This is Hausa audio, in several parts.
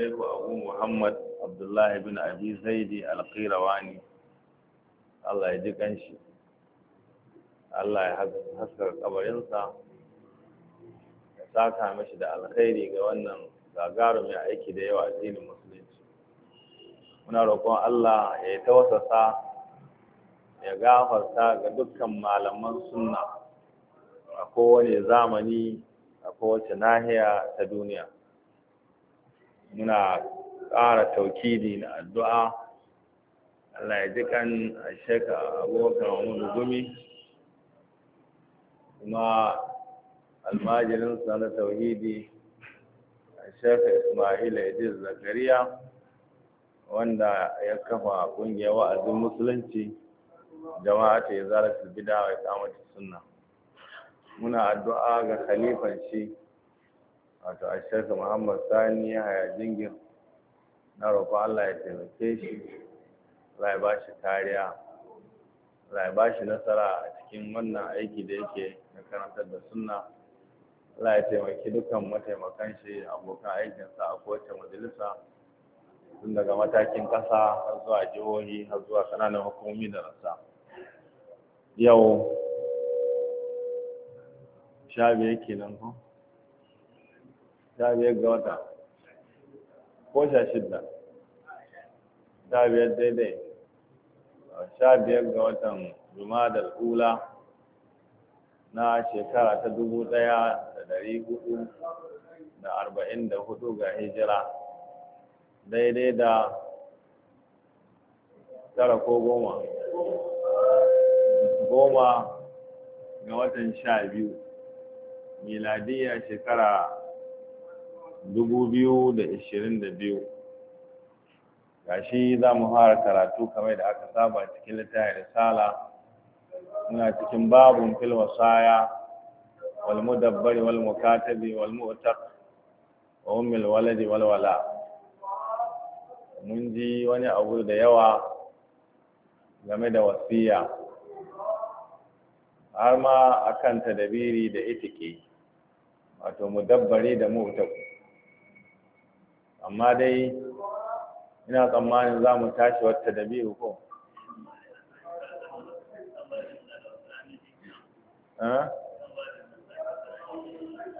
الشيخ أبو محمد عبد الله بن أبي زيد القيرواني الله يجيك أنشي Allah ya haskar kabarinsa ya saka mashi da alkhairi ga wannan gagarumin aiki da yawa addinin musulunci muna rokon Allah ya tausasa ya gafarta ga dukkan malaman sunna a kowane zamani a kowace nahiya ta duniya muna ƙara taukidi na addu'a Allah ya ji kan sheka abokan wani gumi kuma almajirinsa na tauhidi sheka ismail idris zakariya wanda ya kafa ƙungiyar wa'azin musulunci jama'a ta yi zarar bida wa ya sunna muna addu'a ga khalifan shi wato a muhammad sani haya jingin na roƙo allah ya taimake shi allah ya ba shi kariya allah ya ba shi nasara a cikin wannan aiki da yake na karantar da sunna allah ya taimaki dukkan mataimakan shi abokan aikinsa a kowace majalisa tun daga matakin ƙasa har zuwa jihohi har zuwa ƙananan hukumomi da rasa yau sha biyar kenan ko sha biyar ga wata ko sha shida sha biyar daidai sha biyar ga watan da ula na shekara ta dubu ɗaya da dari hudu da arba'in da hudu ga hijira daidai da tara ko goma goma ga watan sha biyu miladiyya shekara 2022 gashi za mu fara karatu kamar da aka saba cikin littafin risala muna cikin babun fil wasaya wal mudabbari wal mukatabi wal mu'taq wa ummil waladi wal wala mun ji wani abu da yawa game da wasiya har ma akan tadabiri da ke, wato mudabbari da mu'taqi amma dai ina tsammanin za mu tashi wata da biyu ko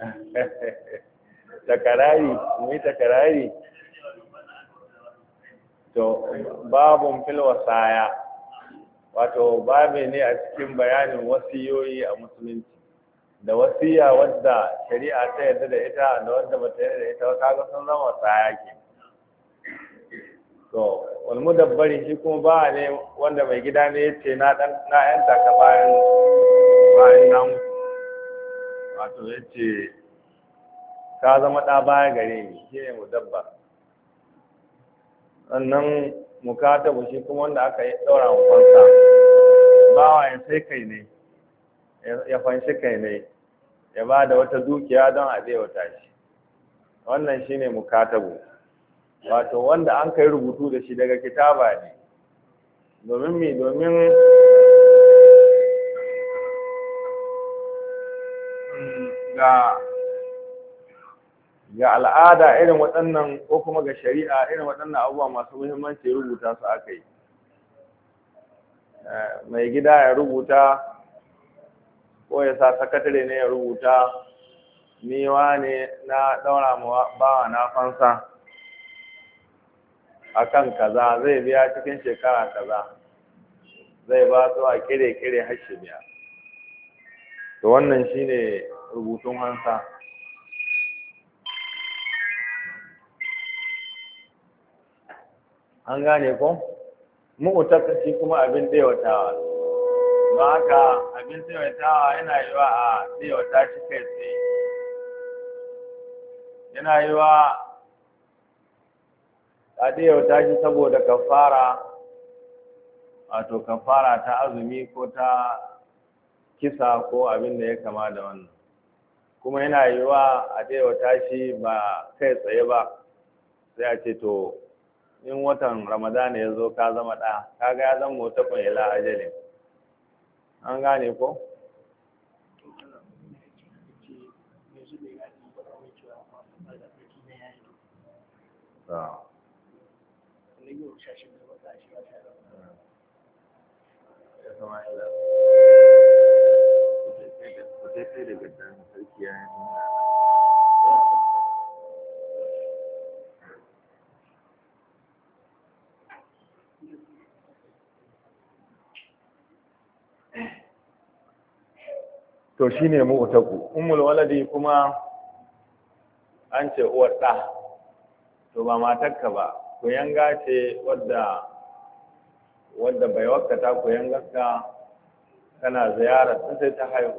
takarari mai takarari to babun filwasaya wato babu ne a cikin bayanin wasiyoyi a musulunci da wasiya wadda shari'a ta yarda da ita da wadda ba ta yarda da ita wata ga sun zama tsaya ke to wal mudabbari shi kuma ba ne wanda mai gida ne ya ce na dan na yanta ka bayan bayan nan wato ya ce ka zama ɗa baya gare ni shi ne mudabba sannan mukatabu shi kuma wanda aka yi daura mu kwanta bawa ya sai kai ne ya fanshi kai ne ya ba da wata dukiya don a wata shi wannan shi ne mukatabu wato wanda an kai rubutu da shi daga kitaba ne domin mi domin ga ga al'ada irin waɗannan ko kuma ga shari'a irin waɗannan abubuwa masu muhimmanci rubuta su aka yi eh, mai gida ya rubuta ko ya sa sakatare ne ya rubuta niwa ne na ɗaura bawa na fansa a kaza zai biya cikin shekara kaza zai ba su a kire-kire hashe biya to wannan shine rubutun hansa an gane ko ta kashi kuma abin wata ba haka lokacin tsawaitawa yana yi wa a shi kai tsaye yana yi wa a tsawata shi saboda kafara wato kafara ta azumi ko ta kisa ko abin da ya kama da wannan kuma yana yi wa a tsawata shi ba kai tsaye ba sai a ce to in watan ramadana ya zo ka zama ɗa kaga ya zama mutafin ila ajalin an gane ko Thank you. to shi shine mu'taku umul waladi kuma an ce uwar to ba matarka ba ku yanga ce wadda wadda bai wakata ku gaska? tana ziyara sun sai ta haihu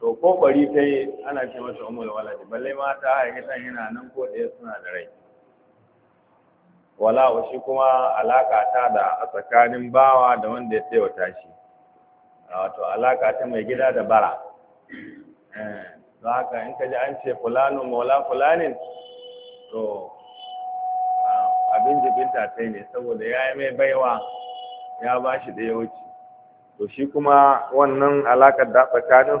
to ko bari ta yi ana ce mata umul waladi balle ma ta haihu ta yana nan ko ɗaya suna da rai wala shi kuma alaka ta da a tsakanin bawa da wanda ya tsaye shi. wato alaka ta mai gida da bara eh, haka in ka ji an ce fulano maula fulanin to abin jibinta ta ne saboda ya yi mai baiwa ya bashi shi da ya wuce to shi kuma wannan alakar da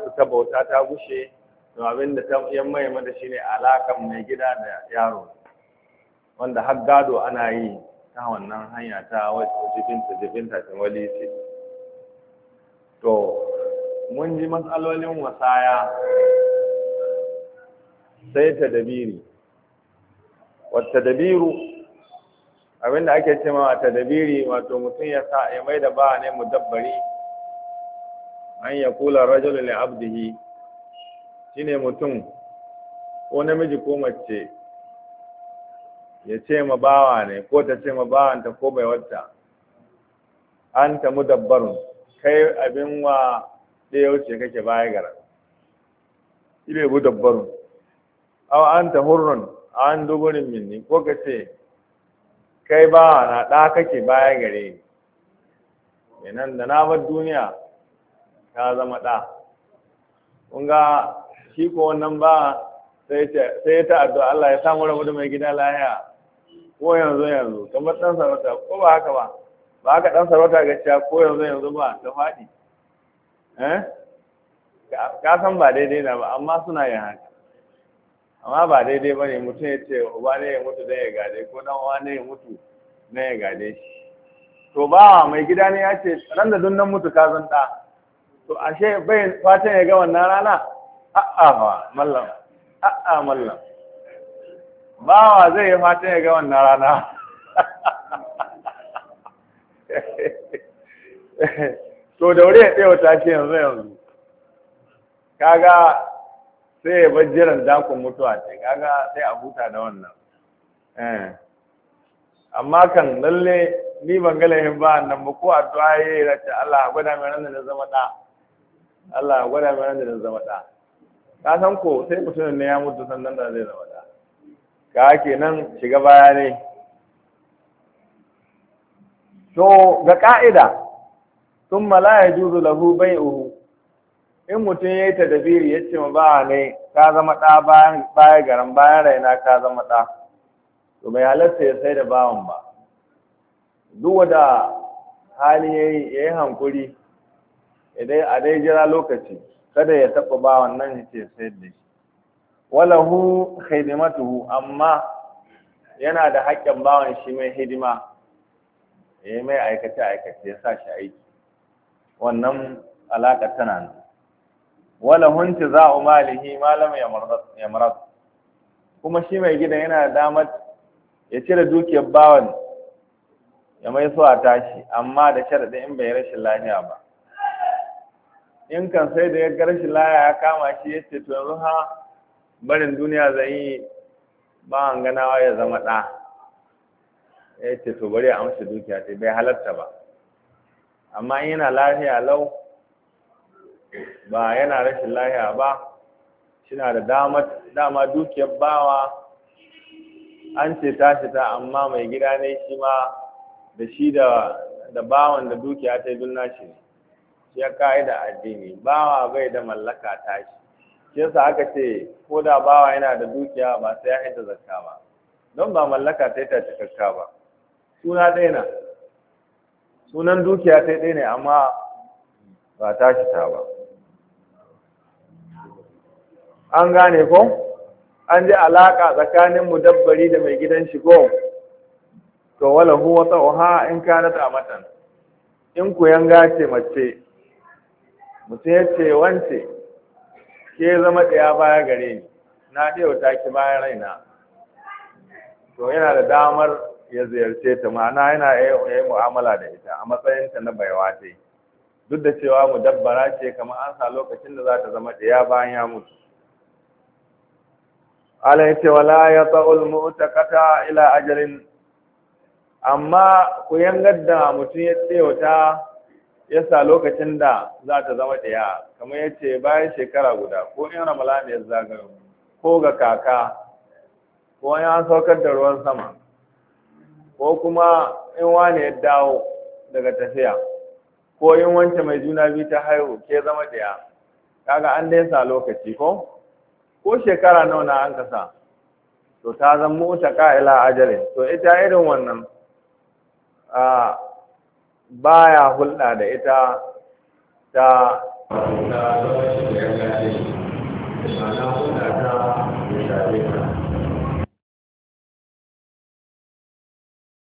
su ta bauta ta gushe to abin da ta yan mai shi shine alakar mai gida da yaro wanda har gado ana yi ta wannan hanya ta jibinta jibinta ta wali ce to mun ji matsalolin wasaya sai ta dabiri wata dabiru abinda ake ce wata dabiri wato mutum ya sa ya mai da ba ne mu dabbari an ya kula rajul li abdihi shine mutum ko namiji ko mace ya ce ma bawa ne ko ta ce ma bawanta ko bai wata an ta mudabbarun kai abin wa ɗaya wuce kake baya gara ile bu dabbarun an anta a an duburin minni ko ka ce kai ba na ɗa kake baya gare ni nan da na bar duniya ta zama ɗa kun ga shi ko wannan ba sai ta addu'a Allah ya samu rabu da mai gida lahiya ko yanzu yanzu kamar ɗan sarauta ko ba haka ba ba ka ɗan sarauta ga cewa ko yanzu yanzu ba ta faɗi eh? ka san ba daidai na ba amma suna yin haka amma ba daidai ba ne mutum ya ce uba ne ya mutu zai ya gade ko dan uwa ne ya mutu zai ya gade shi to ba mai gida ne ya ce ran da dun nan mutu ka zan ɗa to ashe bai fatan ya ga wannan rana a'a ba mallam a'a mallam bawa zai yi fatan ya ga wannan rana to da wuri ya tsaye wata ce yanzu yanzu kaga sai ya bar jiran dakon mutuwa ce kaga sai a huta da wannan eh. amma kan lalle ni ban ga lahin ba nan ba ko addu'a yayi da ta Allah gwada mai ranar da zama da Allah gwada mai ranar da zama da ka san ko sai mutumin ne ya mutu sannan da zai zama da ka nan shiga baya ne to ga ƙa'ida, sun mala ya juzu lahu uhu, in mutum ya yi ta dabiri, ya ce ma ba ne ka zama ɗa baya garan bayan raina ka zama ɗa to bai halatta ya sai da bawan ba duk wada hali ya yi hankuri a dai jira lokaci kada ya taɓa bawan nan ya ce sai da shi walahu hidimatuhu amma yana da haƙƙin bawan shi mai hidima ya mai aikace aikace ya sa shi aiki wannan alaka tana nan wala hunci za a malihi malam ya marar kuma shi mai gidan yana da damar ya cire dukiyar bawan ya mai so a tashi amma da sharaɗin in bai rashin lahiya ba in kan sai da ya garshi rashin ya kama shi ya ce to yanzu ha barin duniya zai yi ba ganawa ya zama ɗa ya ce to bari a amsa dukiya sai bai halarta ba amma in yana lafiya lau ba yana rashin lafiya ba na da dama dukiyar bawa an ce tashi ta amma mai gida ne shi ma da shi da bawan da dukiya ta yi shi ne shi ya ka'ida addini bawa bai da mallaka ta shi yasa aka ce ko da bawa yana da dukiya ba sai ya haita zakka ba don ba mallaka ta yi ta cikakka ba suna ɗaya na sunan dukiya ta ɗaya ne amma ba ta shi ta ba an gane ko an ji alaƙa tsakanin mudabbari da mai gidan shi ko to wala huwa Oha in na ta matan in ku yanga ce mace mutum ya ce wance ke zama ɗaya baya gare ni na ɗaya ta ki bayan raina to yana da damar ya ziyarce ta ma'ana yana yi mu'amala da ita a matsayinta na baiwa ta yi duk da cewa mu dabbara ce kamar an sa lokacin da za ta zama ɗaya bayan ya mutu ala yace wala ya ta'ul mu'takata ila ajalin amma ku yangar da mutum ya tsewata ya sa lokacin da za ta zama ɗaya kamar ya ce bayan shekara guda ko in ramalani ya zagayo ko ga kaka ko ya saukar da ruwan sama ko kuma in wane ya dawo daga tafiya ko in wance mai juna biyu ta haihu ke zama ɗaya kaga an dai lokaci ko ko shekara nawa na an kasa to ta zan mota ka'ila ajalin to ita irin wannan a baya hulɗa da ita ta ta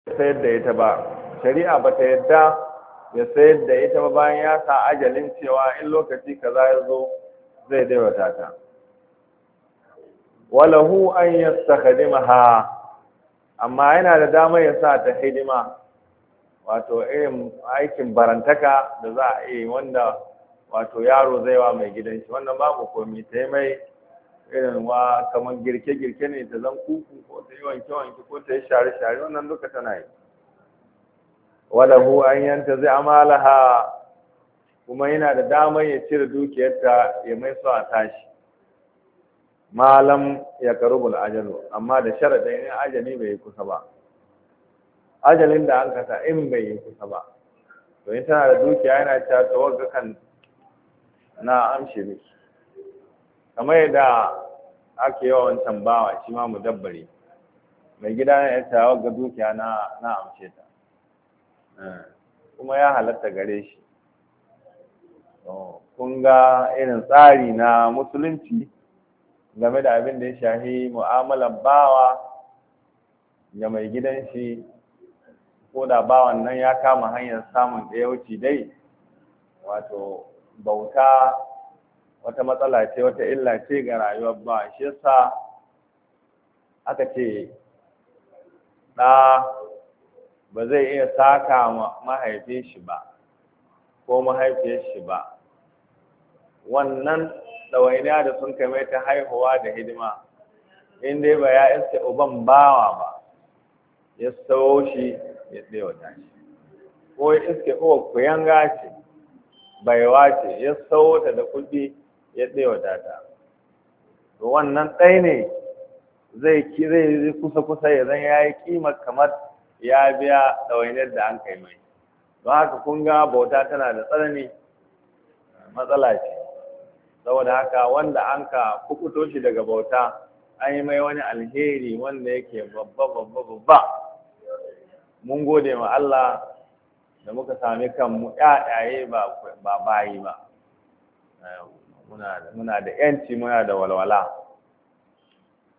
sayar da ita ba shari'a ba ta yadda ya sayar da ita ba bayan ya sa ajalin cewa in lokaci kaza ya zo zai daiwata ta walahu an yastakhdimaha amma yana da dama ya sa ta hidima wato irin aikin barantaka da za a yi wanda wato yaro zai wa mai gidan shi wannan babu komi ta mai irin kamar girke-girke ne ta zan kuku ko ta yi wanke-wanke ko ta yi share-share wannan duka tana yi walahu an yanta zai amalaha kuma yana da damar ya cire dukiyarta ya mai so a tashi malam ya karubul ajalu amma da sharaɗin yin ajali bai kusa ba ajalin da an kasa in bai yi kusa ba to in tana da dukiya yana cewa tawagga na amshe miki kamar yadda ake yawa wancan bawa shi ma mu dabbare mai gida na yasa wa ga dukiya na na amce ta eh. kuma ya halatta gare shi kun ga irin tsari na musulunci game da abin da ya shahi mu'amalar bawa ga mai gidan shi ko da bawan nan ya kama hanyar samun ɗaya wuce dai wato bauta wata matsala ce wata illa ce ga rayuwar ba shi yasa aka ce ɗa ba zai iya saka mahaifin shi ba ko mahaifiyar shi ba wannan ɗawainiya da sun kame haihuwa da hidima in dai ba ya iske uban bawa ba ya sawo shi ya tsewa shi. ko ya iske uwa yanga ce baiwa ce ya sawo ta da kuɗi ya ɗaya wadata to wannan ɗai ne zai ki kusa kusa ya zan ya yi kima kamar ya biya ɗawainar da an kai mai don haka kun ga bauta tana da tsanani matsala ce saboda haka wanda an ka kukuto shi daga bauta an yi mai wani alheri wanda yake babba babba babba mun gode ma Allah da muka sami kanmu ƴaƴaye ba bayi ba muna da yanci muna da walwala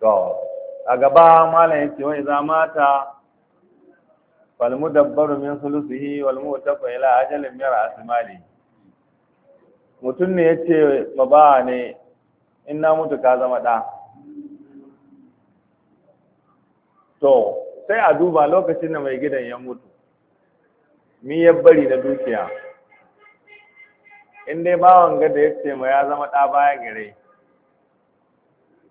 to a gaba malam yace wa idza mata fal min sulusihi wal mu'tafa ila ajalin yara asmali mutum ne ya yace baba ne in na mutu ka zama ɗa to sai a duba lokacin da mai gidan ya mutu mi ya bari na dukiya in dai bawan gada ya ce ma ya zama ɗa baya gare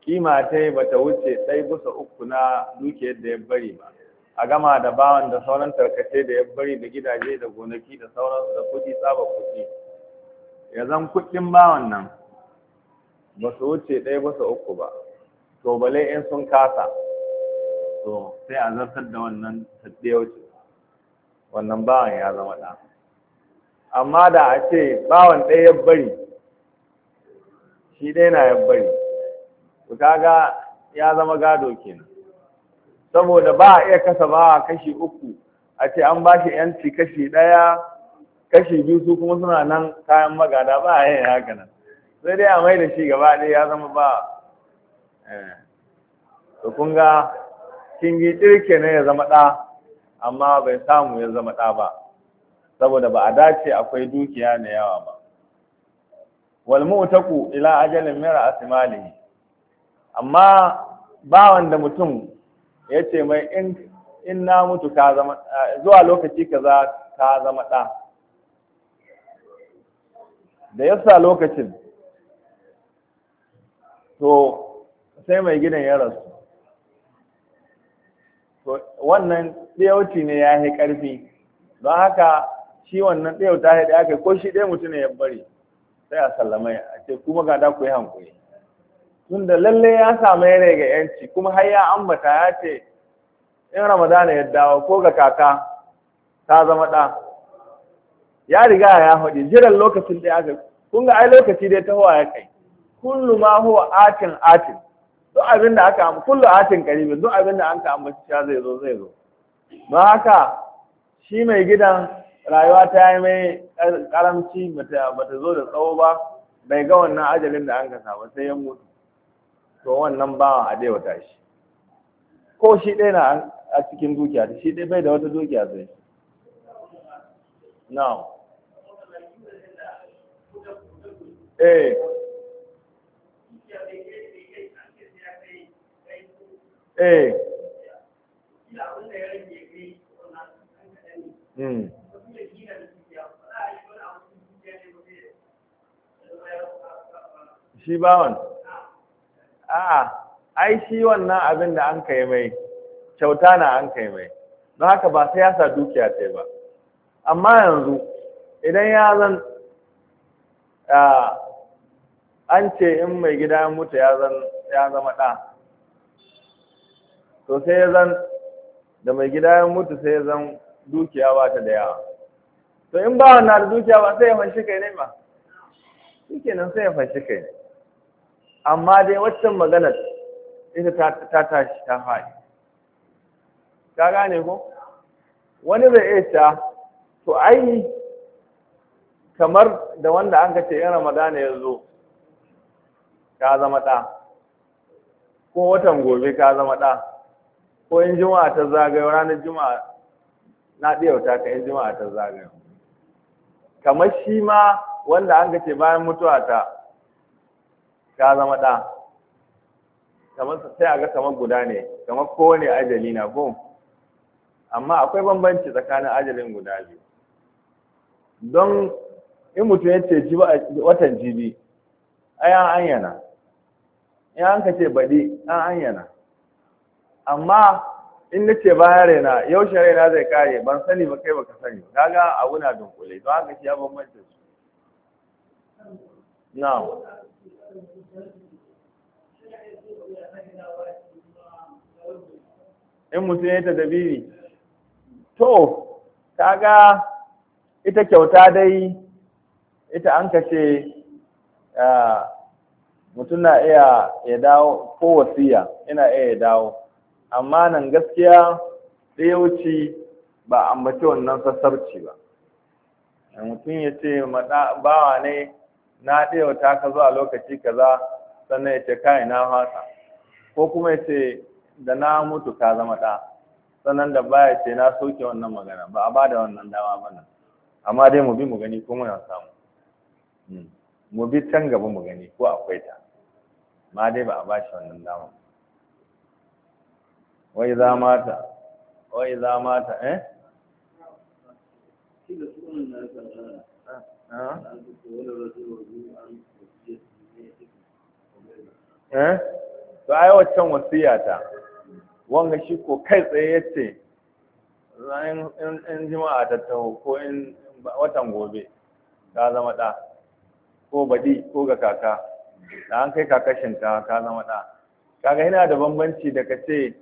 kima ta yi ba ta wuce ɗai bisa uku na dukiyar da ya bari ba a gama da bawan da sauran tarkace da ya bari da gidaje da gonaki da sauran da kuɗi tsaba kuɗi ya zan kuɗin bawan nan ba su wuce ɗaya bisa uku ba to bale in sun kasa to sai a zartar da wannan taɗewa wannan bawan ya zama ɗa amma da a ce bawan ɗaya ya bari shi ɗaya na ya bari kaga ya zama gado kenan saboda ba a iya kasa bawa kashi uku a ce an ba shi yanci kashi ɗaya kashi biyu su kuma suna nan kayan magada ba a yin haka nan sai dai a mai da shi gaba ɗaya ya zama ba eh. to kun ga kingi ɗirke ne ya zama ɗa amma bai samu ya zama ɗa ba saboda ba a dace akwai dukiya na yawa ba wal mutaku ila ajalin mira asmali amma ba wanda mutum ya ce mai in in na mutu ka zama zuwa lokaci kaza ka zama da da yasa lokacin to sai mai gidan ya rasu to wannan ɗayauci ne ya yi ƙarfi don haka shi wannan ɗaya ta haɗe aka ko shi ɗaya mutum ne ya bari sai a sallamai a ce kuma ga da ku yi hankuri tun da lalle ya samu yare ga yanci kuma har ya ambata ya ce in ramadana ya dawo ko ga kaka ta zama ɗa ya riga ya haɗe jiran lokacin ɗaya aka kun ga ai lokaci dai ta ya kai kullu ma huwa atin atin duk abin da aka kullu atin karibin duk abin da an ka ambaci zai zo zai zo don haka shi mai gidan rayuwa ta yi mai karamci ta zo da tsawo ba bai ga wannan ajalin da an gasa ba sai ya mutu to wannan ba a wata tashi ko shi ɗaya na a cikin dukiya shi ɗaya bai da wata dukiya sai now eh eh Mm. shi bawan a'a ai shi wannan abin da an kai mai kyauta na an kai mai don haka ba sai ya sa dukiya ta ba amma yanzu idan ya zan an ce in mai gida ya mutu ya zama ɗa to sai ya zan da mai gida ya mutu sai ya zan dukiya ba ta da yawa to in ba wannan dukiya ba sai ya fanshi kai ne ba shi kenan sai ya fanshi kai ne amma dai waccan magana ita ta tashi ta faɗi ka gane ko wani zai iya ta to ai kamar da wanda an ka ce yan ramadana ya zo ka zama ɗa ko watan gobe ka zama ɗa ko in juma'a ta zagayo ranar juma'a na ɗiyauta ka in juma'a ta zagayo kamar shi ma wanda an ka ce bayan mutuwa ta ka zama ɗa kamar sai a ga kamar guda ne kamar kowane ajali na go amma akwai bambanci tsakanin ajalin guda biyu don in mutum ya ce ji watan jibi ai an anyana in an ka ce baɗi an anyana amma in na ce bayan raina yaushe raina zai kare ban sani ba kai baka sani Na ga abu na dunkule don haka shi ya bambanta su na'am in mutum ta dabiri to kaga ita kyauta dai ita an kace mutum na iya ya dawo ko wasiya ina iya ya dawo amma nan gaskiya ɗaya wuce ba ambaci wannan sassarci ba mutum ya ce bawa ne na ɗaya ɗewata ka zuwa lokaci kaza sannan ya ce kai na fasa ko kuma ya ce da na mutu ka zama ɗa sannan da baya ce na soke wannan magana ba a ba da wannan dama ba nan amma dai mu bi mu gani ko muna samu hmm. mu bi can gaba mu gani ko akwai ta ma dai ba a ba shi wannan dama wai za mata wai za mata eh eh to ai waccan wasiya ta wanga shi ko kai tsaye yace in jima'a ta taho ko in watan gobe ka zama ɗa ko baɗi ko ga kaka da an kai kakashin ka ka zama ɗa kaga yana da bambanci da ka ce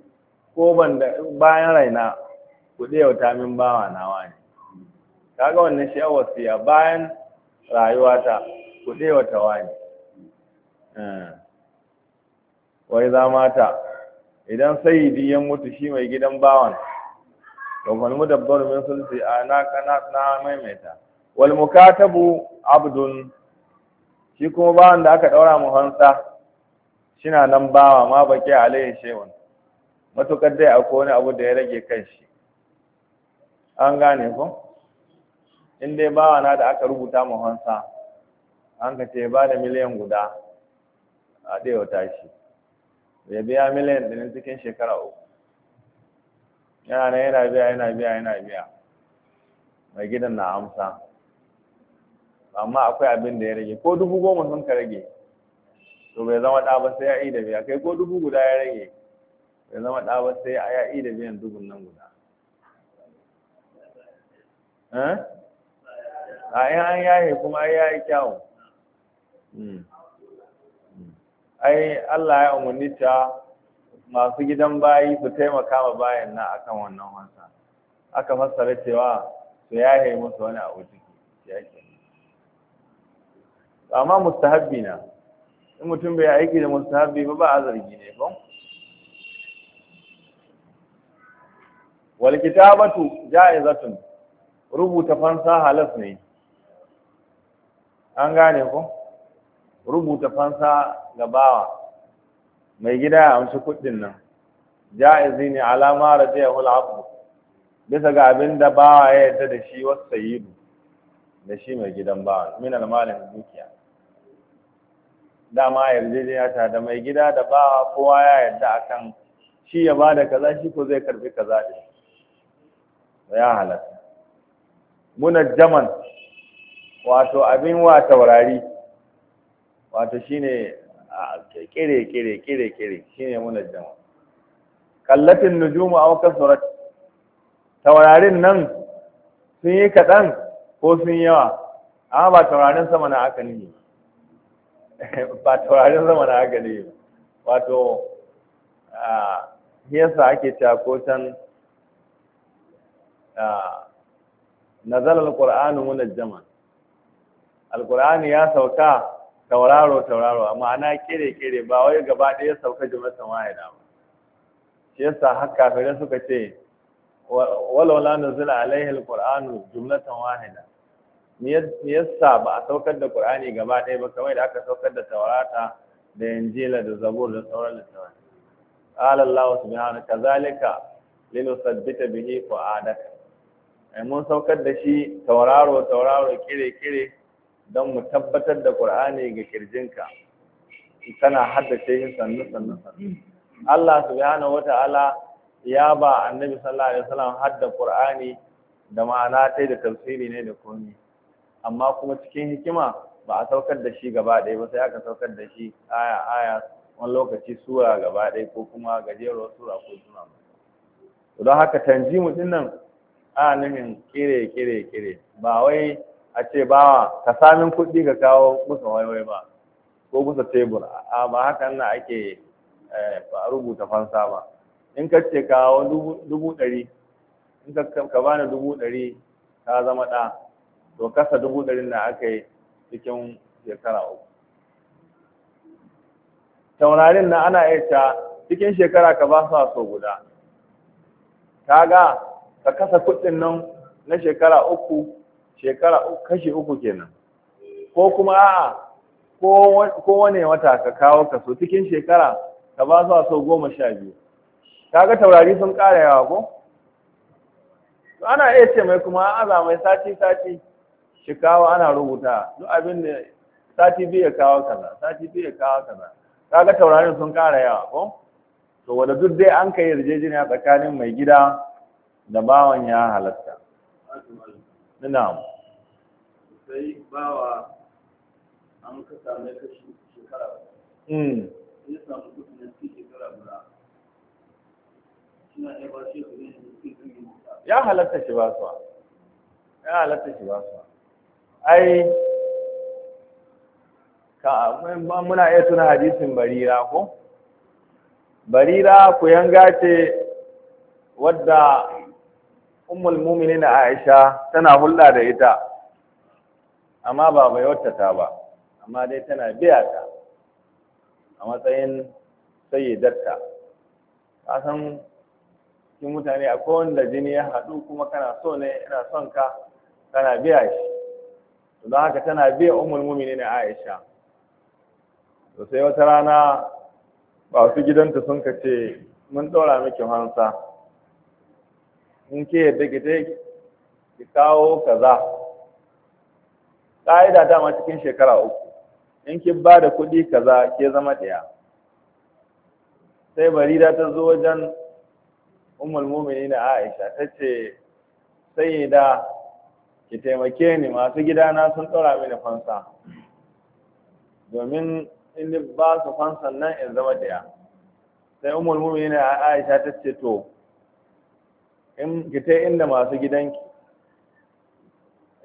ko ban da bayan raina ku ɗaya ta min bawa nawa ne kaga wannan sha'awar siya bayan rayuwata ku wa tawani eh. wai za mata idan sayidi ya mutu shi mai gidan bawan mu dabbar min sulsi a na na maimaita wal mukatabu abdun shi kuma bawan da aka daura mu hansa shina nan bawa ma baki alaihi shaywan matukar dai akwai wani abu da ya rage kan shi an gane ko in dai bawa na da aka rubuta ma hansa an ka ce ba da miliyan guda a ɗaya tashi ya biya miliyan ɗin cikin shekara uku yana yana biya yana biya yana biya mai gidan na amsa amma akwai abin da ya rage ko dubu goma sun ka rage to bai zama ɗa ba sai ya yi da biya kai ko dubu guda ya rage bai zama ɗa ba sai ya yi da biyan dubun nan guda eh? a yi an yaye kuma ya yi kyawun hmm. ai Allah ya umarni ta masu gidan bayi su taimaka ma bayan na akan wannan wasa aka fassara cewa su yaye musu wani abu ciki yake amma mustahabbi na in mutum bai aiki da mustahabbi ba ba a zargi ne ba wal kitabatu ja'izatun rubuta fansa halas ne an gane ko rubuta fansa ga bawa mai gida ya amshi kuɗin nan ja'izi ne alama hula abu bisa ga abin da bawa ya yarda da shi wasu sayidu da shi mai gidan bawa min almalin dukiya dama yarjejeniya ta da mai gida da bawa kowa ya yadda akan shi ya bada kaza shi ko zai karbi kaza shi. ya halatta munajjaman wato abin wa taurari wato shine kere kere kere kere shine jama kallatin nujumu aw kasurat taurarin nan sun yi kaɗan ko sun yawa amma ba taurarin sama na aka ne ba taurarin sama na aka ne wato yasa ake takotan nazar al-qur'anu munajjama alkur'ani ya sauka tauraro tauraro amma ana kere kere ba wai gaba ɗaya sauka jumlatan wahida ba shi yasa har kafirai suka ce walau na zula alaihi alqur'anu jumlatan wahida me yasa ba a saukar da qur'ani gaba ɗaya ba kamar da aka saukar da taurata da injila da zabur da sauran littattafai qala allah subhanahu kazalika linusabbita bihi ko adaka. mun saukar da shi tauraro tauraro kire kire don mu tabbatar da ƙur'ani ga kirjinka kana haddace yin sannu sannu Allah subhanahu wata'ala ya ba annabi sallallahu alaihi wasallam hadda ƙur'ani da ma'ana tai da tafsiri ne da komi amma kuma cikin hikima ba a saukar da shi gaba ɗaya ba sai aka saukar da shi aya aya wani lokaci sura gaba ɗaya ko kuma gajeruwar sura ko suna don haka tanjimu din nan a nufin kire kire kire ba wai a ce bawa ka samin kuɗi ka kawo musu waiwai ba ko musu tebur a ba haka na ake eh, rubuta fansa ba in ka ce kawo dubu ɗari in ka bani dubu ɗari ka zama ɗa to kasa dubu dari na aka yi cikin shekara uku taurarin na ana iya ta cikin shekara ka ba su so guda kaga ka kasa kuɗin nan na shekara uku shekara kashi uku kenan ko kuma a'a ko wane wata ka kawo kaso cikin shekara ka ba su so goma sha biyu kaga taurari sun ƙara yawa ko ana iya ce mai kuma a za mai sati sati shi kawo ana rubuta duk abin da sati biyu ya kawo kaza sati biyu ya kawo kaza kaga taurarin sun ƙara yawa ko to wanda duk dai an kai yarjejeniya tsakanin mai gida da bawan ya halatta na'am sai bawa an ya halatta shi ba su ya halatta shi ba su ai ka muna iya tuna hadisin barira ko barira ku yanga ce wadda ummul mu'minin Aisha tana hulɗa da ita amma ba baiwarta ta ba amma dai tana biya ta a matsayin sayyidarta ka san cikin mutane akwai wanda jini ya haɗu kuma kana so ne yana son ka tana biya shi don haka tana biya umar mumini na aisha to sai wata rana ba su gidanta sun ka ce mun ɗora miki hansa in ke yadda ki ki kawo kaza ƙa'ida dama cikin shekara uku in ki ba da kuɗi kaza ke zama ɗaya sai barira ta zo wajen mumini na Aisha ta ce sai da ki taimake ni masu gidana sun ɗora mini fansa domin in ba su fansan nan in zama ɗaya sai mumini na Aisha ta ce to in ki ta inda masu gidanki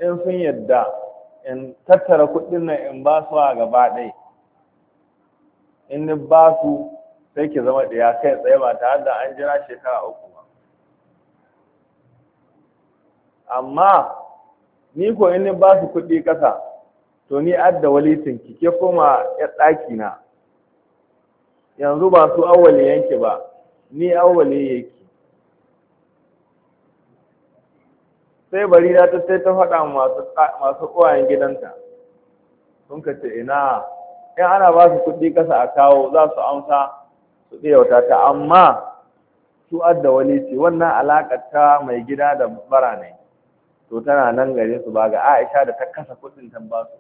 in sun yadda in tattara kuɗin nan in ba su a gaba ɗaya in ni ba su sai ki zama ɗaya ya kai tsaye ba tare da an jira shekara uku ba amma ni ko in ni ba su kuɗi ƙasa to ni adda walitin ki ke koma ya ɗaki na yanzu ba su awwali yanki ba ni awwali yake sai bari na ta sai ta faɗa masu uwayen gidanta sun ka ce ina in ana ba su kuɗi ƙasa a kawo za su amsa su ɗiyauta ta amma su adda wani ce wannan alaƙa ta mai gida da bara ne to tana nan gare su ba ga aisha da ta kasa kuɗin ta ba su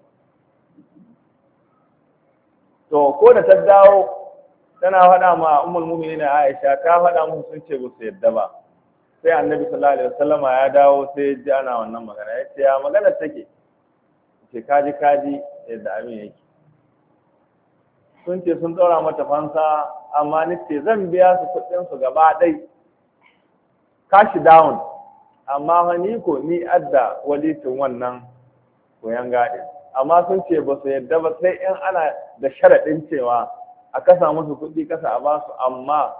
to ko da ta dawo tana faɗa ma umar mumini na Aisha ta faɗa musu sun ce ba su yadda ba sai annabi sallallahu alaihi wasallam ya dawo sai ji ana wannan magana ya ce ya magana take ce kaji kaji yadda amin yake sun ce sun tsora mata fansa amma ni ce zan biya su kuɗin su gaba ɗai kashi down amma hani ko ni adda walitin wannan koyan gaɗi amma sun ce ba su yadda ba sai in ana da sharaɗin cewa a kasa musu kuɗi kasa a basu amma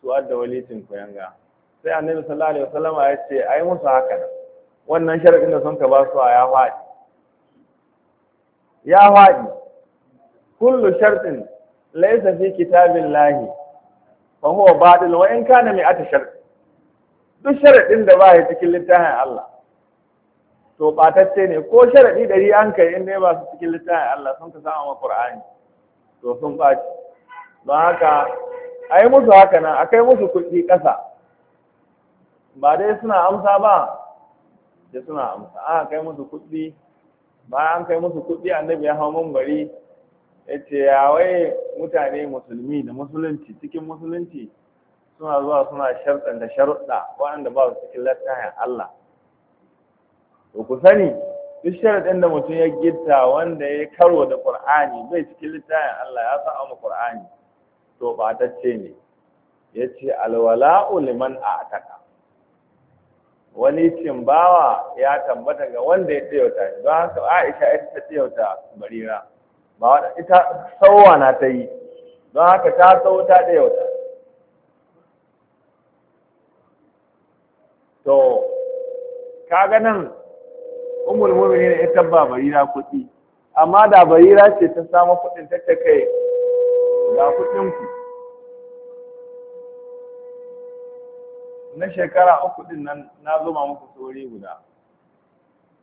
su adda walitin koyan gaɗi sai annabi sallallahu alaihi wasallam ya ce ai musu haka nan wannan sharadin da sun ka ba su ya faɗi ya faɗi kullu shartin laysa fi kitabillahi fa huwa batil wa in kana ata shart duk sharadin da ba ya cikin littafin Allah to batacce ne ko sharadi dari an kai in dai ba su cikin littafin Allah sun ka samu Qur'ani to sun baci don haka ai musu haka nan kai musu kuɗi ƙasa ba dai suna amsa ba da suna amsa aka kai musu kuɗi bayan kai musu kuɗi annabi ya hau mambari ya ce ya wai mutane musulmi da musulunci cikin musulunci suna zuwa suna sharɗan da sharuɗa waɗanda ba su cikin littafin Allah to ku sani duk sharaɗin da mutum ya gitta wanda ya karo da Qur'ani bai cikin littafin Allah ya sa mu Qur'ani to ba ta ce ne yace alwala'u liman a'taka wani bawa ya tambata ga wanda ya tsayauta shi don haka aisha ita ta tsayauta barira ba ita sauwa na ta yi don haka ta sau ta tsayauta to kaga nan umul mu'minin ita ba barira kuɗi amma da barira ce ta samu kuɗin ta kai ga kuɗin ku na shekara uku din nan na zuma muku tsori guda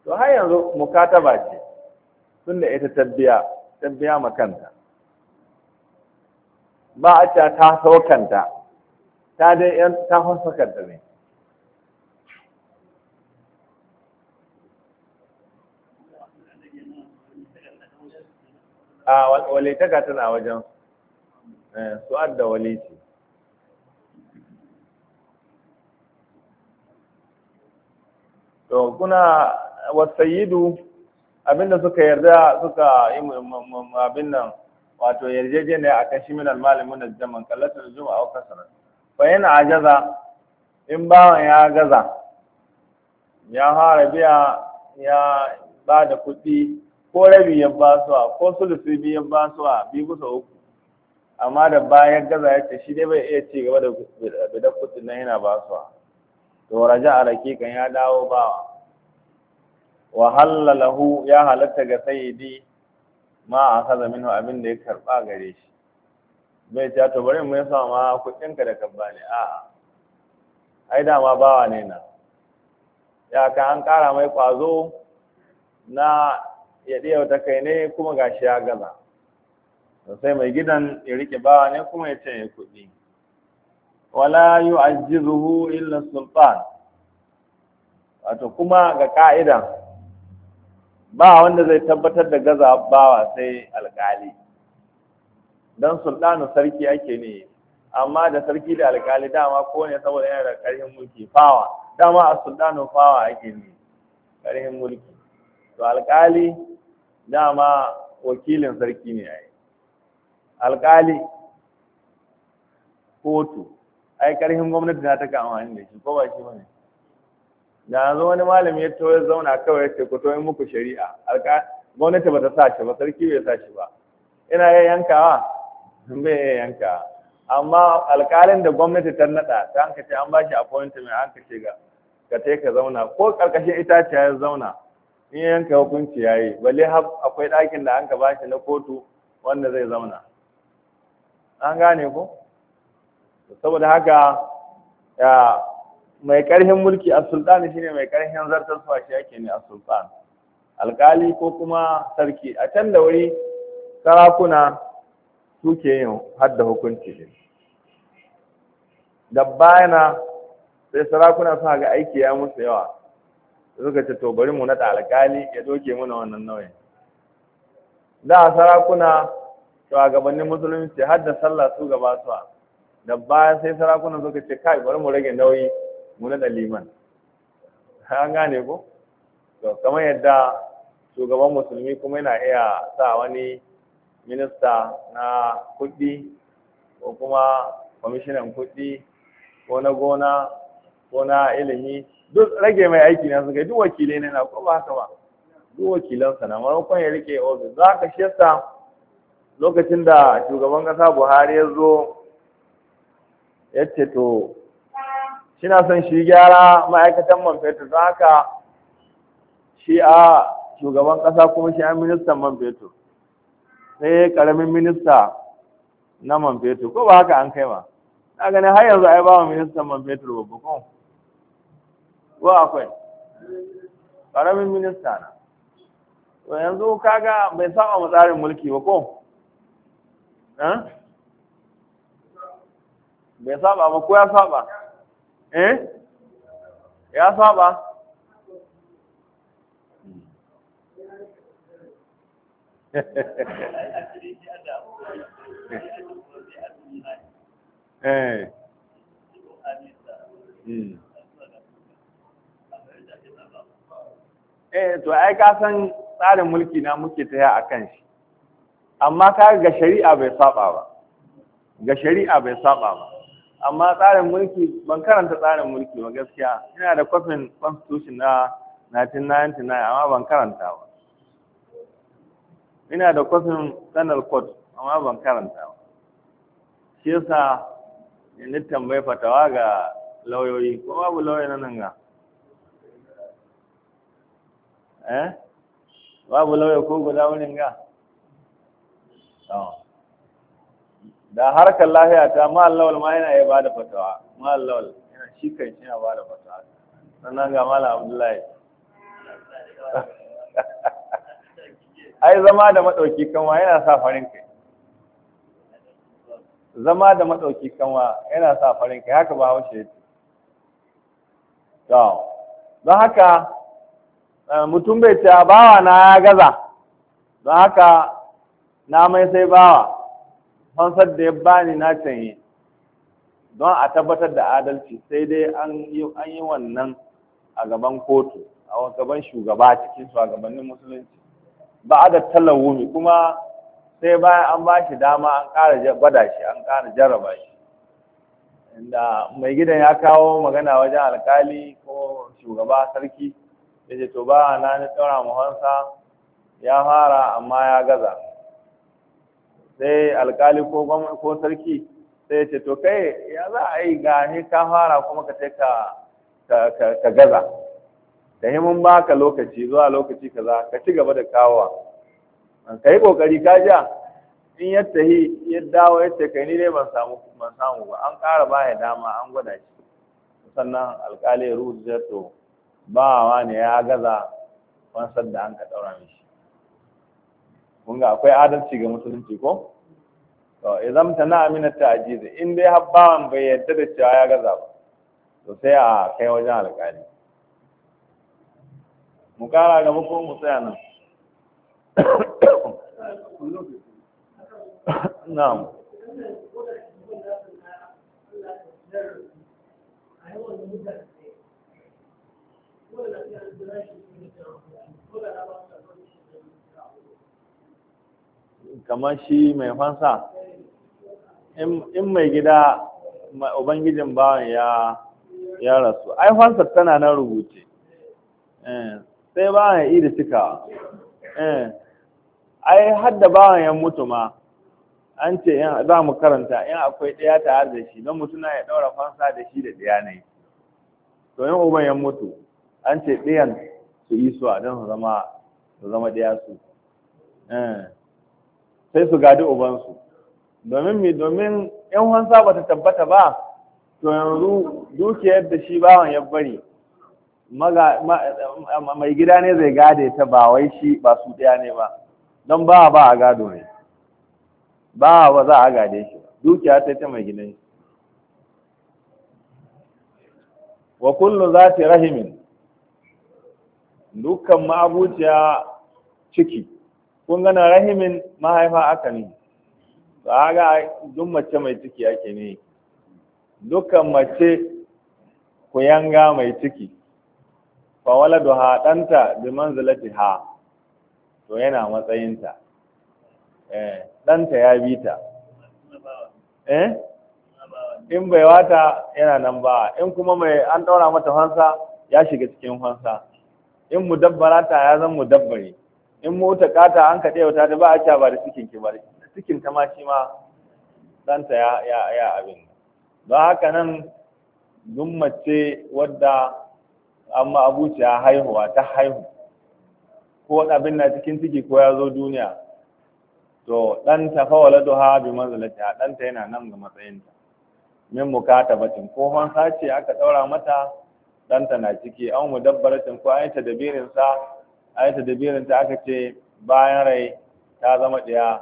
to har yanzu mukataba ce tunda ita tabbiya tabbiya makanta ba a ta ta saukanta ta dai yan ta kanta ne a wale ta tana wajen eh, su'ad da wale ce to kuna wasayidu abinda suka yarda suka yi abin nan wato yarjejeniya a kan shi min almalimin da jaman kallatar juma'a a kasarar fa yana ajaza in bawa ya gaza ya fara biya ya ba da kuɗi ko rabi ya ba su a ko sulusi biyu ba su a biyu kusa uku amma da bayan gaza ya ce shi dai bai iya ci gaba da bidan kuɗi nan yana ba su a a raja'a kan ya dawo bawa wa lahu ya halatta ga sayyidi ma a kaza min abin da ya karba gare shi bai ta to bari mu sa ma kuɗin ka da kabba ne a ai dama bawa ne na ya ka an ƙara mai ƙwazo na ya ɗiya wata kai ne kuma gashi ya gaza sai mai gidan ya rike bawa ne kuma ya ce ya kuɗi wala yu'ajjizuhu illa sultan wato kuma ga ka'idan ba wanda zai tabbatar da gaza bawa sai alkali don sultanu sarki ake ne amma da sarki da alkali dama ko ne saboda yana da ƙarfin mulki fawa dama a sultanu fawa ake ne karhin mulki to alkali dama wakilin sarki ne a yi alkali kotu ai karhin gwamnati na taka amfani da shi ko ba shi bane da yanzu wani malami ya to ya zauna kawai ce ku toyin muku shari'a alka gwamnati ba ta sa shi ba sarki bai sa shi ba ina ya yankawa bai ya yanka amma alkalin da gwamnati ta nada ta hanka ce an ba shi appointment hanka ce ga ka tai ka zauna ko karkashin itace ya zauna in yanka hukunci yi balle har akwai ɗakin da an ka bashi na kotu wanda zai zauna an gane ko saboda haka ya mai karhin mulki a sultani shine mai zartar suwa shi ake ne a sultan alkali ko kuma sarki a can da wuri sarakuna suke yin hadda hukunci ne da bayana sai sarakuna suna ga aiki ya musu yawa suka ce to bari mu naɗa alƙali ya doke muna wannan nauyin da sarakuna shugabannin musulunci hadda sallah su gaba suwa da ba sai sarakunan suka ce kai bari mu rage nauyi mu na liman an gane ko to kamar yadda shugaban musulmi kuma yana iya sa wani minista na kuɗi ko kuma kwamishinan kuɗi ko na gona ko na ilimi duk rage mai aiki na suka duk wakilai ne na ko ba haka ba duk wakilansa na maimakon ya rike ofis za ka shi lokacin da shugaban kasa buhari ya zo ya ce to shi na son shi gyara ma'aikatan man fetur don haka shi a shugaban ƙasa kuma shi a ministan man fetur sai ƙaramin minista na man fetur ko ba haka an kai ma na gani har yanzu ai ba ministan man fetur babu ko ko akwai ƙaramin minista na to yanzu kaga bai saba mu tsarin mulki ba ko bai saba ba ko ya saba eh ya saba eh hmm. eh to ai ka san tsarin mulki na muke taya a kan shi amma ka ga shari'a bai saba ba ga shari'a bai saba ba amma tsarin mulki ban karanta tsarin mulki ba gaskiya ina da kwafin constitution na 1999 amma ban karanta ba ina da kwafin penal code amma ban karanta ba shi yasa yanzu tambayi fatawa ga lauyoyi ko babu lauyoyi na nan ga eh babu lauyoyi ko guda wurin ga oh. da harkar lahiya ta ma'allawal ma yana ya bada fatawa ma'allawal yana shi kai shi yana bada fatawa sannan ga malam abdullahi ai zama da maɗauki kanwa yana sa farin kai zama da maɗauki kanwa yana sa farin kai haka ba haushe ya to don haka eh, mutum bai ce bawa na ya gaza don haka na mai sai bawa fansar da ya bani na canye don a tabbatar da adalci sai dai an yi wannan a gaban kotu a gaban shugaba cikin gabanin musulunci ba a da talawumi kuma sai bayan an ba shi dama an kara gwada shi an kara jarraba shi inda mai gidan ya kawo magana wajen alkali ko shugaba sarki ya ce to ba na ni tsara muhansa ya fara amma ya gaza sai alkali ko ko sarki sai ya ce to kai ya za a yi gahe ka fara kuma ka ka ka gaza da himin ka lokaci zuwa lokaci kaza ka ci gaba da kawowa ka yi kokari ka ja in ya tahi ya dawo ya ce kai ni dai ban samu ban samu ba an ƙara ba ya dama an gwada shi sannan alkali ya rubuta to ba wa ne ya gaza fansar da an ka ɗaura mishi kun ga akwai adalci ga musulunci ko to idan ta na amina ta ajiza in dai habbawan bai yadda da cewa ya gaza ba to sai a kai wajen alƙali mu kara ga muku mu tsaya nan na'am Thank kamar shi mai fansa in mai gida ubangijin bawan ya rasu ai fansa tana na rubuce eh, sai bawan ya yi da cikawa eh, ai hadda bawan ya mutu ma an ce za mu karanta in akwai ɗaya tare da shi don mutuna ya ɗaura fansa da shi da ɗaya ne to yin uban ya mutu an ce ɗayan su yi suwa don su zama ɗaya su eh, sai su gadi ubansu domin mi domin yan wansa ba ta tabbata ba to yanzu dukiyar da shi bawan ya bari mai gida ne zai gade ta ba wai shi ba su ɗaya ne ba don ba ba a gado ne ba ba za a gade shi dukiya ta ta mai gidan wa kullu zati rahimin dukkan ma'abuciya ciki kun gana rahimin mahaifa aka ne ba ga duk mace mai ciki ake ne dukkan mace ku yanga mai ciki fa wala ha danta bi manzilati ha to yana matsayinta eh ya bi ta eh in bai wata yana nan ba in kuma mai an ɗaura mata fansa ya shiga cikin fansa in mudabbara ta ya zan mudabbari in mota kata an kaɗe wata ta ba a ca ba da cikin ki ba cikin ta ma shi ma ɗanta ya ya ya abin don haka nan duk mace wadda an ya haihuwa ta haihu ko abin na cikin ciki ko ya zo duniya to ɗan ta fa wala duha bi dan ɗanta yana nan ga matsayin ta min mukata batin ko hansa sace aka daura mata ɗanta na ciki an mu dabbaratin ko an yi ta dabirinsa Aisha da tadabirin ta aka ce bayan rai ta zama ɗaya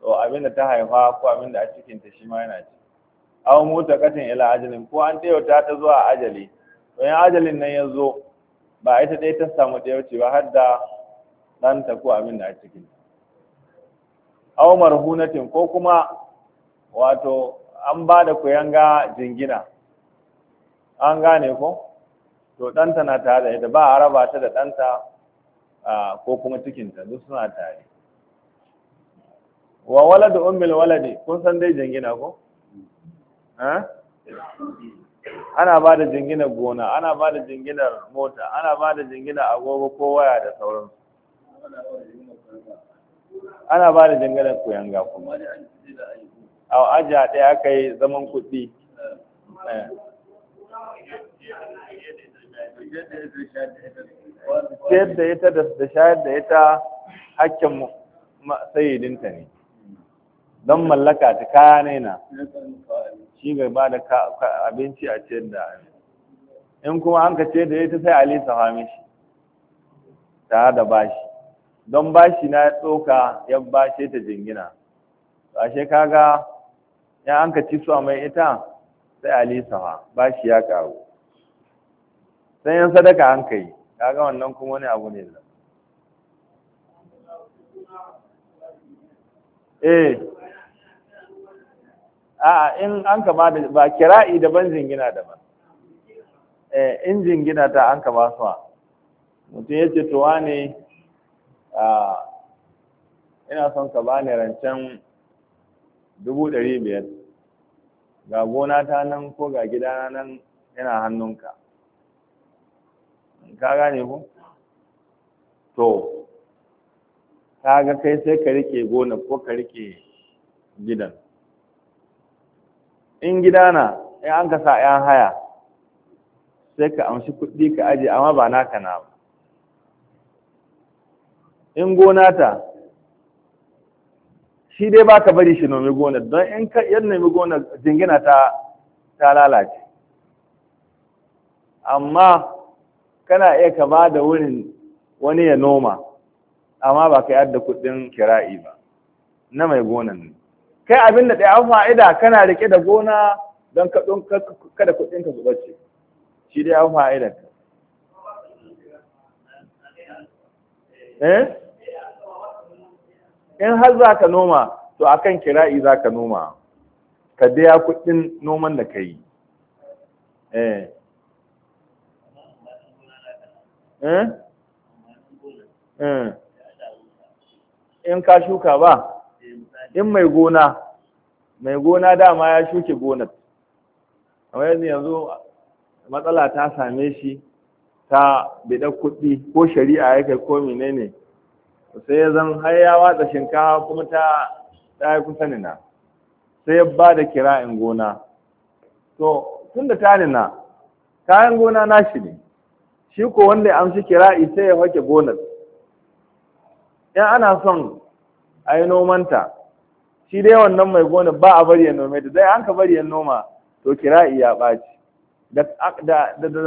to abin da ta haifa ko abin da a cikin ta shi ma yana ci aw mota katin ila ajalin ko an tayauta ta zuwa ajali to yan ajalin nan ya zo ba ita dai ta samu tayauci ba har da ta ko abin da a cikin aw marhunatin ko kuma wato an ba da kuyanga jingina an gane ko to ɗanta na tare da ita ba a raba ta da ɗanta ko kuma cikinta duk suna tare wa waladu ummil waladi kun san dai jingina ko ana ba da jinginar gona ana ba da jinginar mota ana ba da jinginar agogo ko waya da sauransu ana ba da jinginar kuyanga kuma a ajiya ɗaya aka yi zaman kuɗi eh. ciyar da ita da shayar da ita hakkin sayidinta ne don mallaka ta kaya ne na shi ga ba da abinci a ciyar da in kuma an ka ciyar da ita sai ali safa shi. tare da bashi don bashi na tsoka ya bashe ta jingina ashe kaga ya an ka ci su a mai ita sai ali ba bashi ya karu sai sadaka an ka yi kaga wannan kuma wani abu ne da eh a in an ka ba kira'i daban jingina daban eh in jingina ta an kama su mutum ya ce tuwa ne a ina son ka bani rancen dubu ɗari biyar ga gona ta nan ko ga gidana nan yana hannunka ka gane ku to kaga kai sai ka rike gona ko ka rike gidan in gida na in an ka sa 'yan haya sai ka amshi kuɗi ka aje amma ba naka na ba in gona ta shi dai ba ka bari shi nomi gonar don in ka yan nomi gonar jingina ta ta lalace amma kana iya ka ba da wurin wani ya noma amma ba ka yadda kuɗin kira'i ba na mai gonan ne kai abin da ɗaya fa'ida kana rike da gona don ka kada kuɗin ka zuba ce. shi dai an fa'ida ka eh in har za ka noma to akan kira'i za ka noma ka biya kuɗin noman da ka yi eh Eh? Eh. in ka shuka ba in mai gona mai gona dama ya shuke gonar amma yanzu yanzu matsala ta same shi ta bida kuɗi ko shari'a ya kai ko menene sai ya zan har ya watsa shinkafa kuma ta ta yi kusa nina sai ya ba da in gona to tun da ta nina kayan gona nashi ne shi ko wanda ya amshi kira'i sai ya hake gonar in ana son a yi nomanta shi dai wannan mai gonar ba a bari ya nome ta dai an ka bari ya noma to kira'i ya ɓaci da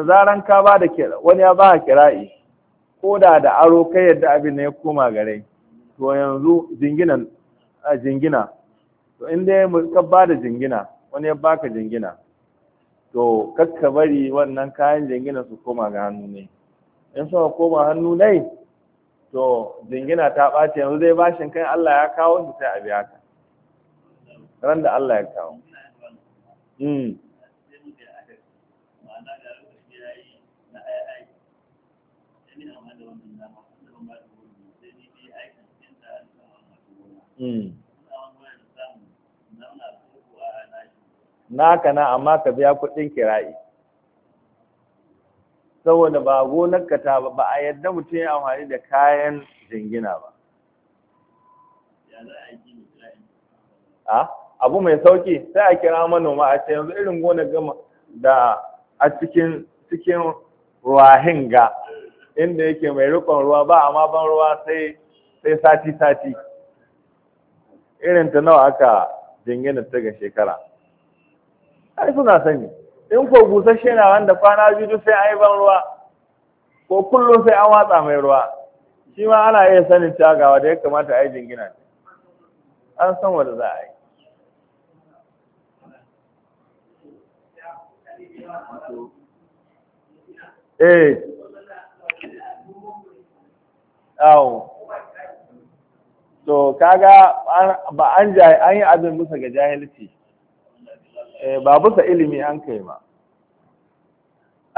zaran ka ba da wani ya ba kira'i ko da da aro kai yadda abin ya koma gare to yanzu jingina to in dai ka ba da jingina wani ya baka jingina to kakka bari wannan kayan jingina su koma ga hannu ne in suka koma hannu ne to jingina ta ɓace yanzu zai bashin kai Allah ya kawo shi sai a biya ka ran da Allah ya kawo mm Mm. naka na amma ka biya kuɗin kira'i saboda ba ka ta ba ba a yadda mutum ya amfani da kayan jingina ba a abu mai sauki sai a kira manoma a ce yanzu irin gonar gama da a cikin cikin inda yake mai rikon ruwa ba amma ban ruwa sai sai sati sati irin ta nawa aka jingina ta ga shekara ai suna sani in ko busasshe na wanda kwana biyu duk sai an yi ban ruwa ko kullum sai an watsa mai ruwa shi ma ana iya sanin cagawa da ya kamata a yi jingina an san wanda za a yi eh awo to kaga ba an yi abin musa ga jahilci Eh, ba bisa ilimi an kai ma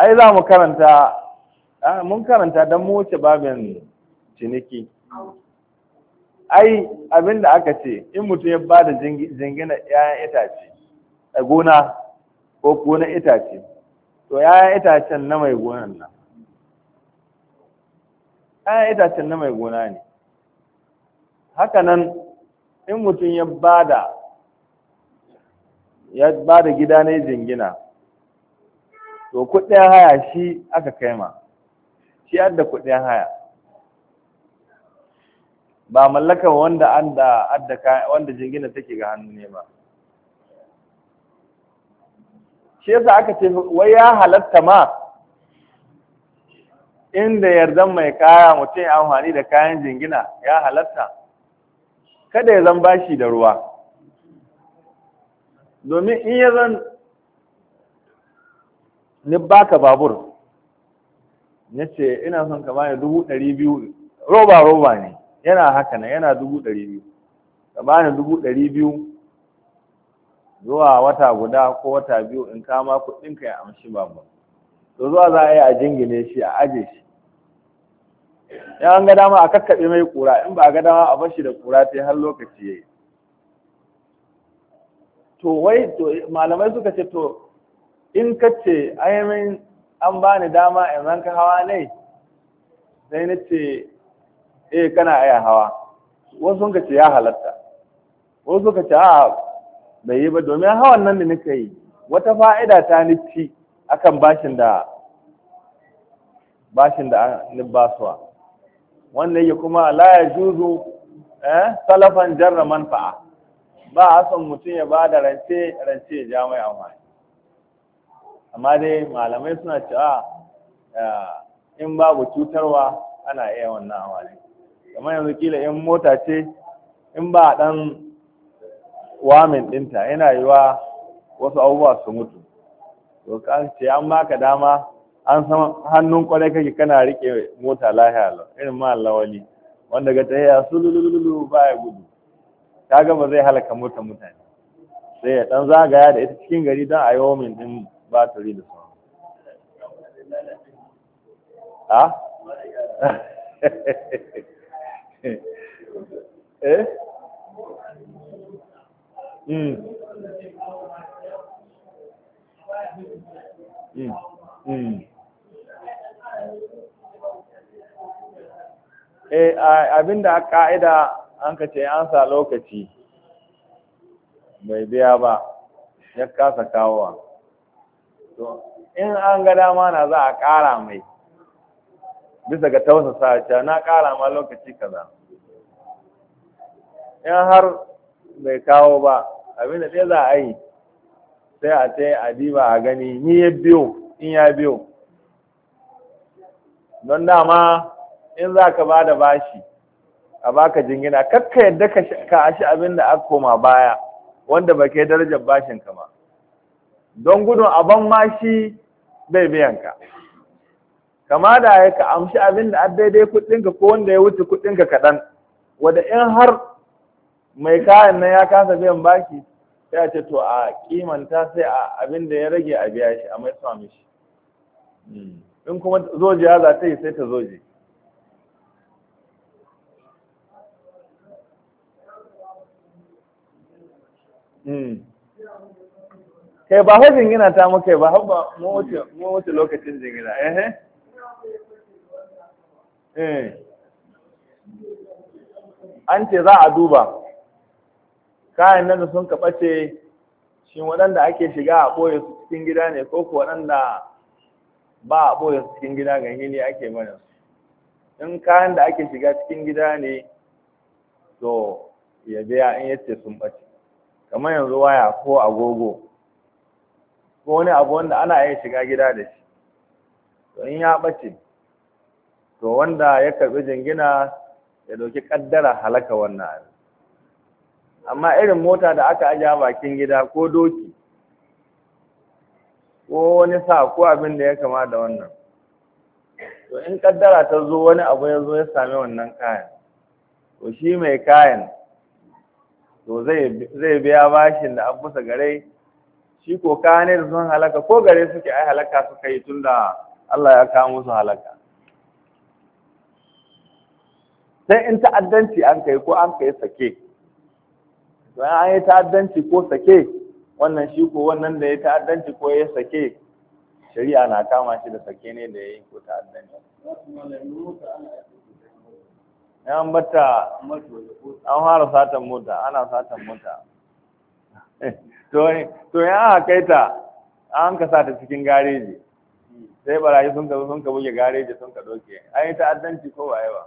ai za mu karanta mun karanta don mu wuce babin ciniki ai abin da aka ce in mutum ya ba da jingina 'ya'yan itace a gona ko gonar itace to 'ya'yan itacen na mai gonan nan 'ya'yan itacen na mai gona ne haka nan in mutum ya ba da ya ba da gida ne jingina to kuɗin haya shi aka kaima shi yadda kuɗin haya ba mallaka wanda an da wanda jingina take ga hannu ne ba shi yasa aka ce wai ya halatta ma inda yardan mai kaya mutum ya amfani da kayan jingina ya halatta kada ya zan bashi da ruwa domin in ya zan ni baka babur ya ce ina son ka bani dubu ɗari biyu roba roba ne yana haka nan yana dubu ɗari biyu ka bani dubu ɗari biyu zuwa wata guda ko wata biyu in kama ka ya amshi babur to zuwa za a yi a jingine shi a aje shi ya an ga dama a kakkaɓe mai kura in ba a ga dama a bashi da kura ta har lokaci ya yi to wai to malamai suka ce to in ka ce ayyamin an ba ni dama in ranka hawa ne sai na ce eh kana aya hawa wasu sun ka ce ya halatta wasu suka ce a bai yi ba domin hawan nan da nika yi wata fa'ida ta nufi akan bashin da bashin da basuwa wannan yake kuma la ya juzu eh salafan jarra manfa'a ba a son mutum ya ba da rance rance ya mai amfani amma dai malamai suna cewa ah, in babu cutarwa ana iya wannan amfani kamar yanzu kila in mota ce in ba dan wamin dinta yana wa wasu abubuwa su mutu to ka ce an baka dama an san hannun kwarai kake kana rike mota lahiya irin ma lawali wanda ga ta yaya sulululu ba ya gudu kaga ba zai halaka mutan mutane sai ya dan zagaya da ita cikin gari don a yi homin din batiri da sauran eh? Hmm. Hmm. Hmm. Eh, a? eh? Mm. Mm. Mm. Eh, abinda ka'ida an ka ce an sa lokaci bai biya ba ya kasa kawowa to in an ga dama na za a ƙara mai bisa ga tausasa ta na ƙara ma lokaci kaza in har bai kawo ba abin da za a yi sai a ce a diba a gani ni ya biyo in ya biyo don dama in za ka ba da bashi a baka jingina kakka yadda ka ashi abin da aka koma baya wanda ba kai darajar bashin ka ba don gudun abin ma shi bai biyan ka kama da ya ka amshi abin da daidai kuɗinka ko wanda ya wuce kuɗinka kaɗan wanda in har mai kayan nan ya kasa biyan baki, sai a ce to a kimanta sai a abin da ya rage a biya shi a mai sa mishi hmm. in kuma zojiya za ta yi sai ta zoji Hmm. kai ba fa jingina ta muka ba haba mu wuce mu wuce lokacin jingina eh eh hmm. an ce za a duba kayan nan da sun ce, shi waɗanda ake shiga a ɓoye su cikin gida ne ko ku waɗanda ba a ɓoye su cikin gida ga ne ake mana in kayan da ake shiga cikin gida ne to ya biya in yace sun ɓace kamar yanzu waya ko agogo ko wani abu wanda ana iya shiga gida da shi to in ya ɓace to wanda ya karɓi jingina ya ɗauki ƙaddara halaka wannan abin amma irin mota da aka ajiye bakin gida ko doki ko wani sa ko abin da ya kama da wannan to in ƙaddara ta zo wani abu ya zo ya sami wannan kayan to shi mai kayan to zai biya bashin da an busa gare shi ko kane da sun halaka ko gare suke ai halaka suka yi tunda Allah ya kawo musu halaka sai in ta'addanci an kai ko an kai sake to an yi ta'addanci ko sake wannan shi ko wannan da ya ta'addanci ko ya sake shari'a na kama shi da sake ne da ya yi ko ta'addanci yan bata an fara satan mota ana satan mota to ya kai ta an ka sata cikin gareji sai barayi sun ka sun ka buge gareji sun ka doke an yi ta'addanci ko waye ba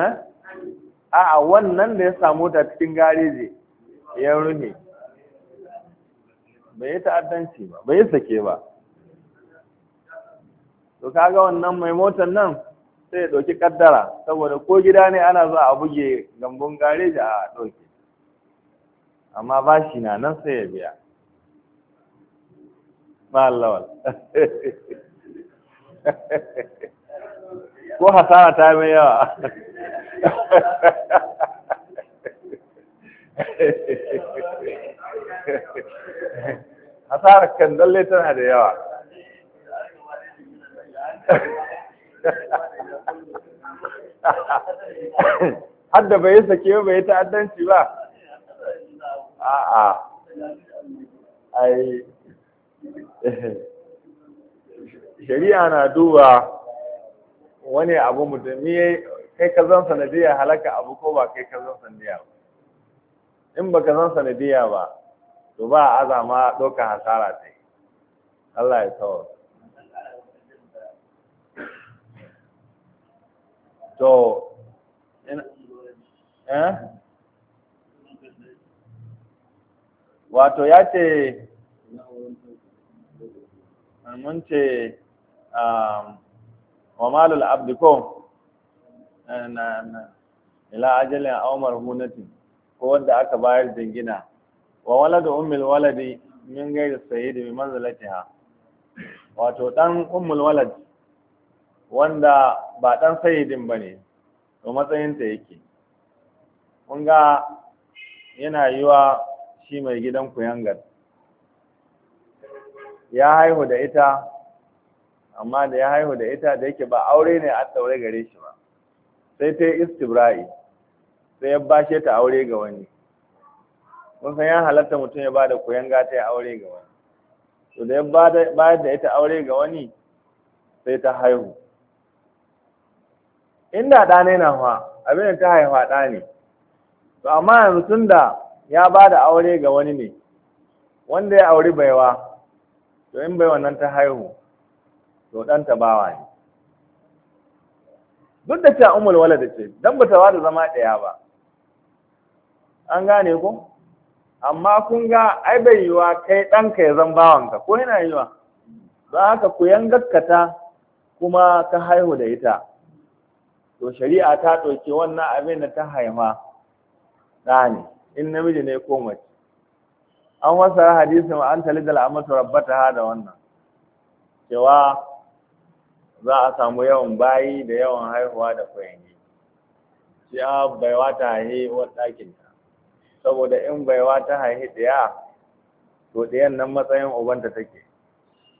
a a eh? wannan da ya samu ta cikin gareji ya ruhe bai yi ta'addanci ba bai yi sake ba to kaga wannan mai motar nan sai ya ɗauki kaddara saboda ko gida ne ana zuwa a buge gambun gareji a ɗauki amma bashi na nan sai ya biya ba lawal ko hasara ta mai yawa hasara kan lalle tana da yawa hadda bai yi sake bai yi ta'addanci ba a'a ai shari'a na duba wani abu mutum kai ka zan sanadiyya halaka abu ko ba kai ka zan sanadiyya ba in ba ka zan sanadiyya ba to ba a azama ɗaukar hasara ta yi. Allah ya tsawar to eh wato ya ce mun ce um, wa malul abdi ko na ila ajalin aumar hunatin ko wanda aka bayar jingina wa waladu umil waladi min gairi sayyidi bi manzilatiha wato dan ummul waladi. wanda ba ɗan sayidin ba ne to matsayinta yake mun ga yana yiwa shi mai gidan kuyangar ya haihu da ita amma da ya haihu da ita da yake ba aure ne a tsaure gare shi ba sai ta yi istibra'i sai ya bashe ta aure ga wani Mun san ya halatta mutum ya bada kuyanga ta yi aure ga wani to da ya bayar da ita aure ga wani sai ta haihu inda da ne na fa abin da ta haifa ɗa ne to amma yanzu tun da ya ba da aure ga wani ne wanda ya auri baiwa to in bai wannan ta haihu to ɗan ta bawa ne duk da cewa umul da ce dan ba ta wada zama ɗaya ba an gane ko amma kun ga ai bai yiwa kai ɗanka ya zan bawanka ko yana yiwa za haka ku gaskata kuma ka haihu da ita to shari'a ta ɗauki wannan abin da ta haima ɗa ne in namiji ne ko mace an wasa hadisi ma an talid amma rabbata da wannan cewa za a samu yawan bayi da yawan haihuwa da kwayanni shi a baiwa ta haihi wani ɗakin ta saboda in baiwa ta haihi ɗaya to ɗayan nan matsayin ubanta take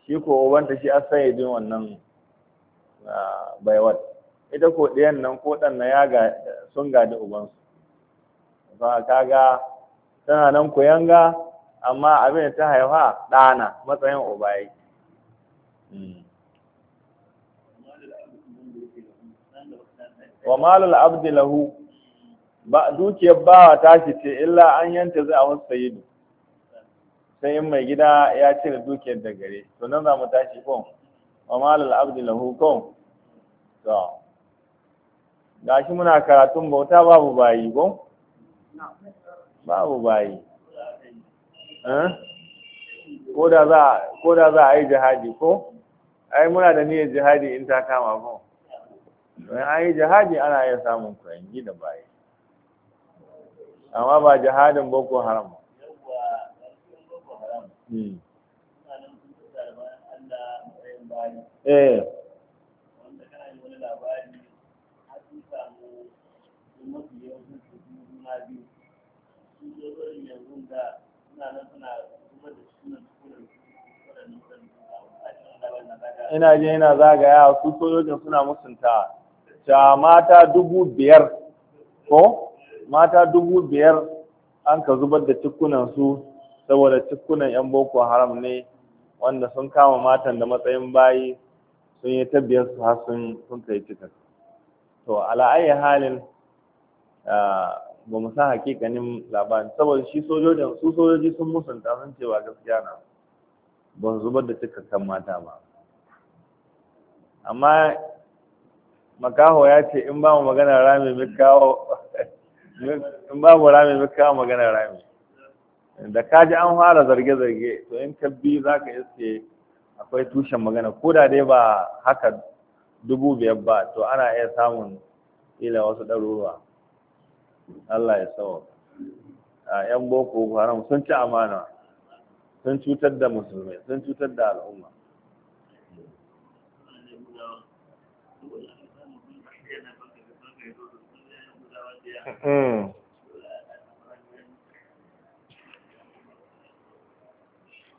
shi ko ubanta shi a sayyidin wannan ah, baiwar ita ko ɗayan nan ko ɗan na ya ga sun gaji ubansu ba ka ga tana nan yanga, amma abin da ta haifa ɗana matsayin uba yake hmm. wa malul abdi lahu ba dukiyar bawa tashi ce illa an yanta za a wasu sayidu sai in mai gida ya cire dukiyar da gare to nan za mu tashi kon wa malul abdi lahu kon to gashi muna karatun bauta babu bayi ko babu bayi eh? ko da za a yi jihadi ko ai muna da niyyar jihadi in ta kama ko don an yi jihadi ana iya samun kurangi da bayi amma ba jihadin boko haram ba hmm. eh ina jin yana zagaya su sojojin suna musunta ta mata dubu biyar ko mata dubu biyar an ka zubar da cikunan su saboda cikunan yan boko haram ne wanda sun kama matan da matsayin bayi sun yi ta biyar su har sun kai cikin to ala halin ah, ba mu sa hakikanin labarin saboda shi sojojin su sojoji sun musanta sun cewa gaskiya na ban zubar da cikakken mata ba amma makaho ya ce in ba mu magana rami mu kawo in ba mu rami magana rami da ka ji an fara zarge-zarge to in ka bi za ka iske akwai tushen magana ko da dai ba haka dubu biyar ba to ana iya samun ila wasu ɗaruruwa Allah ya sawa a yan boko haram sun ci amana sun cutar da musulmai sun cutar da al'umma Hmm.